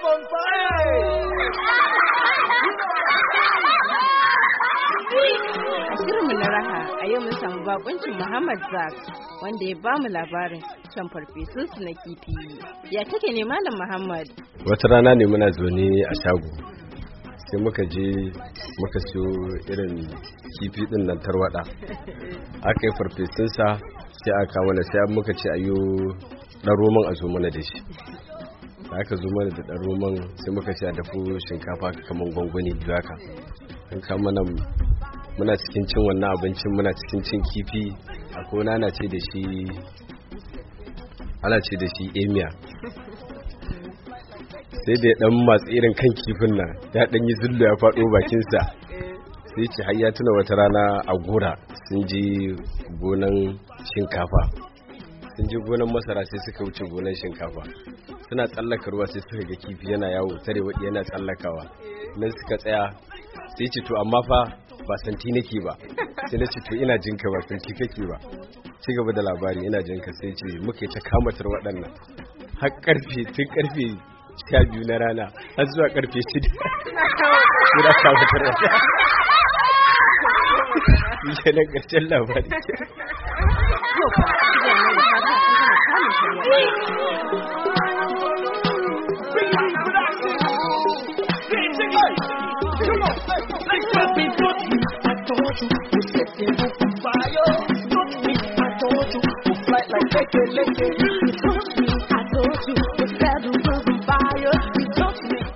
A shirin na raha a yau mun samu bakuncin Muhammad Zak wanda ya bamu labarin can farfesunsu su na kifi. Ya take ne Malam Muhammad? Wata rana ne muna zaune a shago sai muka je muka siyo irin kifi din nan tarwada aka yi farfesunsa sai aka mana sai muka ce ayo dan roman a zo mana da shi da aka zo mana da ɗan roman sai muka ci a dafu shinkafa kaman gwangwani biyu haka an kama nan muna cikin cin wannan abincin muna cikin cin kifi a ko ana ce da shi ana ce da shi emia sai da ɗan dan matsi irin kan kifin nan ya dan yi zullo ya faɗo bakinsa sai ce har ya tuna wata rana a gora sun ji gonan shinkafa sun je gonan masara sai suka wuce gonan shinkafa suna tsallaka ruwa sai suka ga kifi yana yawo tarewa yana tsallakawa nan suka tsaya sai ce to amma fa ba santi nake ba sai na ce to ina jinka ba santi kake ba ci gaba da labari ina jinka sai ce muka ta kamatar waɗannan har karfe tun karfe sha biyu na rana har zuwa karfe shida suna kamatar waɗannan shi ne ƙarshen labari 救回来，这个没有害怕，就让他们承认。Like me, I told you, fire. me, I told you, we like me,